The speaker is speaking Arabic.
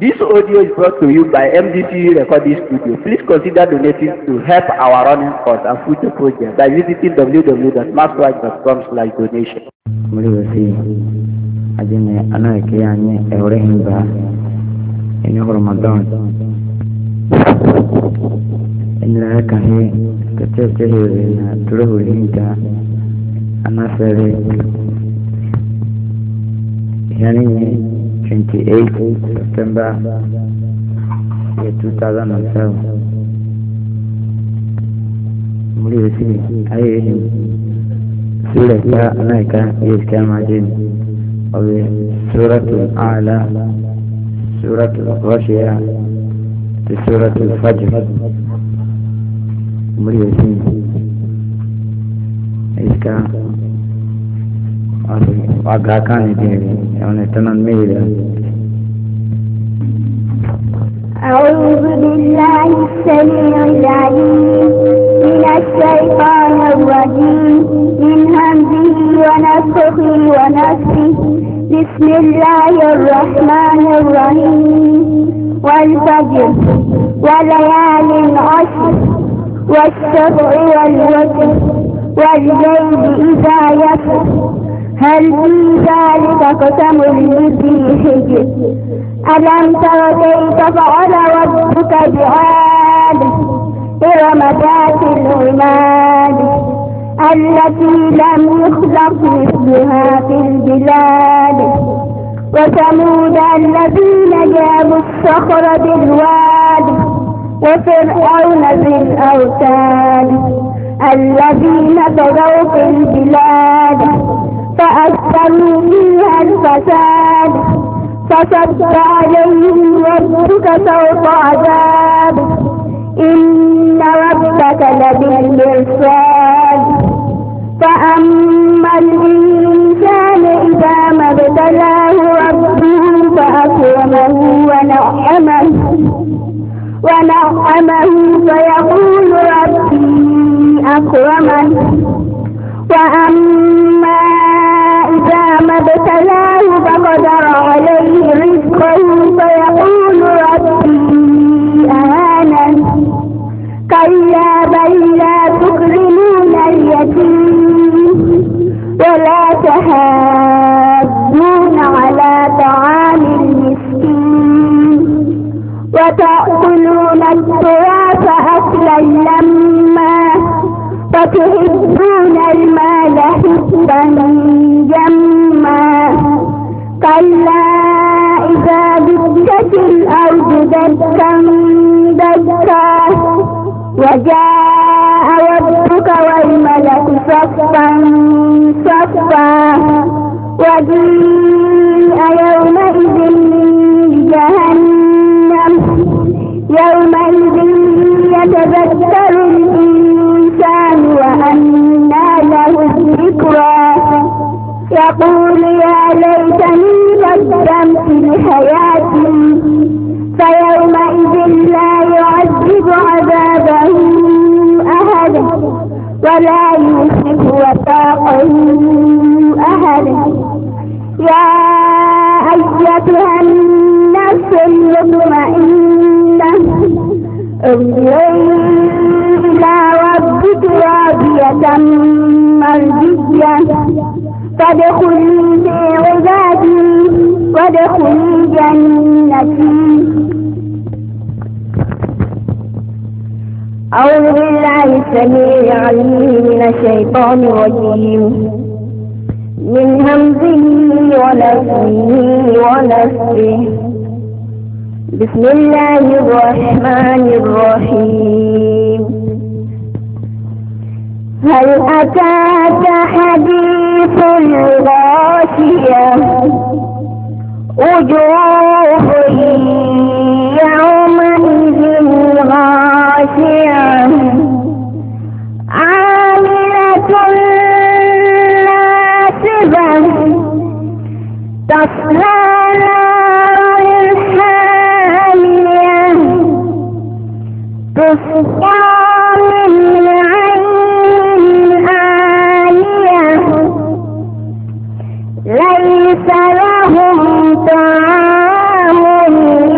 This audio is brought to you by MDC Recording Studio. Please consider donating to help our running costs and future project by visiting www.maxwatch.com slash donation. Mulibasi, ajime anaweke yanye eurehimba ini Ramadan. Inila kahi kacheche hivi na turuhu hinta anasere yani 28 September 2007. muri yesi ayehe sura ka naika yes ka majin awe suratul a'la suratul ghashiya ti suratul fajr وعقاكاني ديني يعني تمام ميلا أعوذ بالله السميع العليم من الشيطان الرجيم من همزه ونفخه ونفسه بسم الله الرحمن الرحيم والفجر وليال العشر والسبع والوتر والليل إذا يسر هل في ذلك قسم لذي حجر ألم تر كيف فعل ربك بعاد إرم ذات العماد التي لم يخلق مثلها في البلاد وثمود الذين جابوا الصخر بالواد وفرعون ذي الأوتاد الذين تروا فيها الفساد فصد عليهم ربك سوط عذاب إن ربك لبالمرصاد فأما الإنسان إذا ما ابتلاه ربه فأكرمه ونعمه ونعمه فيقول ربي أكرمن وأما ما ابتلاه فقدر عليه رزقه فيقول ربي أهانا كلا بل لا تكرمون اليتيم ولا تحاضون على طعام المسكين وتأكلون التراث أكلا لما وتحبون المال حبا جما كلا إذا دكت الأرض دكا دكا وجاء ربك والملك صفا صفا وجيء يوم فيقول يا ليتني قدمت لحياتي فيومئذ لا يعذب عذابه أحد ولا يوثق وثاقه أحد يا أيتها النفس المطمئنة ارجعي إلى ربك راضية مرضية فادخلي في عبادي وادخلي جنتي أعوذ بالله السميع العليم من الشيطان الرجيم من همزه ونفسه ونفسه بسم الله الرحمن الرحيم هل أتاك حديث الغاشية وجوه يومئذ غاشية عاملة ناسبة تصلى نار الحامية تصلى من